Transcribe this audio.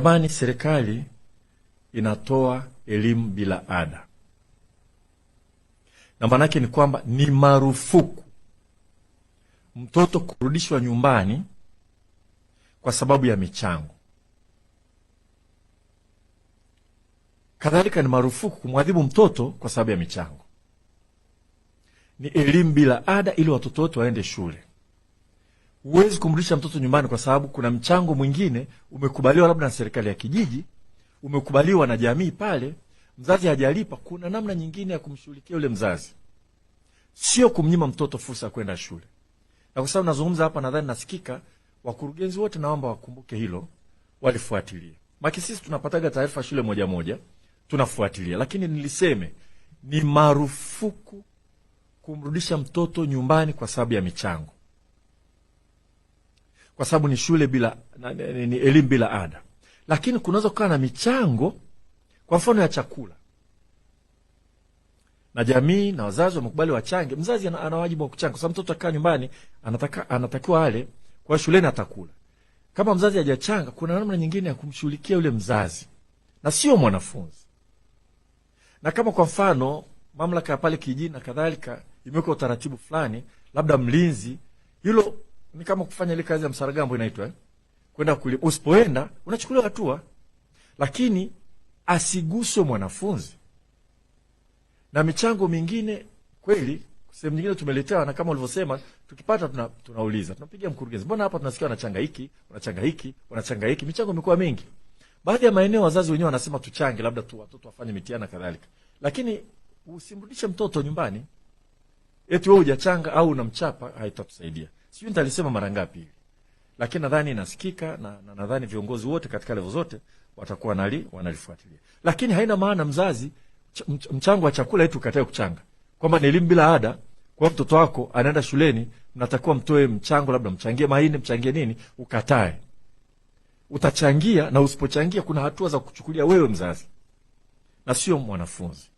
Jamani, serikali inatoa elimu bila ada, na maanake ni kwamba ni marufuku mtoto kurudishwa nyumbani kwa sababu ya michango. Kadhalika ni marufuku kumwadhibu mtoto kwa sababu ya michango. Ni elimu bila ada, ili watoto wote waende shule huwezi kumrudisha mtoto nyumbani kwa sababu kuna mchango mwingine umekubaliwa labda na serikali ya kijiji, umekubaliwa na jamii pale, mzazi hajalipa. Kuna namna nyingine ya kumshughulikia yule mzazi, sio kumnyima mtoto fursa ya kwenda shule. Na kwa sababu nazungumza hapa, nadhani nasikika, wakurugenzi wote naomba wakumbuke hilo, walifuatilia maki. Sisi tunapataga taarifa shule moja moja, tunafuatilia, lakini niliseme ni marufuku kumrudisha mtoto nyumbani kwa sababu ya michango kwa sababu ni shule bila na, ni ni, ni elimu bila ada, lakini kunaweza kukaa na michango kwa mfano ya chakula, na jamii na wazazi wamekubali wachange. Mzazi ana wajibu wa kuchanga, kwa sababu mtoto akaa nyumbani anataka, anatakiwa ale, kwa shuleni atakula. Kama mzazi hajachanga, kuna namna nyingine ya kumshughulikia yule mzazi na sio mwanafunzi. Na kama kwa mfano mamlaka ya pale kijijini na kadhalika imeweka utaratibu fulani, labda mlinzi, hilo ni kama kufanya ile kazi ya msaragambo inaitwa eh? kwenda kuli, usipoenda unachukuliwa hatua, lakini asiguswe mwanafunzi na michango mingine. Kweli sehemu nyingine tumeletewa, na kama ulivyosema, tukipata tuna, tunauliza tunapiga mkurugenzi, mbona hapa tunasikia wanachanga hiki wanachanga hiki wanachanga hiki. Michango imekuwa mingi, baadhi ya maeneo wazazi wenyewe wanasema tuchange, labda tu watoto wafanye mitihani kadhalika, lakini usimrudishe mtoto nyumbani eti wewe hujachanga au unamchapa, haitatusaidia sijui nitalisema mara ngapi hivi, lakini nadhani inasikika na, na nadhani viongozi wote katika levo zote watakuwa nali wanalifuatilia. Lakini haina maana mzazi ch mch mchango wa chakula itu ukatae kuchanga, kwamba ni elimu bila ada kwa mtoto wako anaenda shuleni, mnatakiwa mtoe mchango, labda mchangie maini mchangie nini, ukatae. Utachangia na usipochangia, kuna hatua za kuchukulia wewe mzazi na sio mwanafunzi.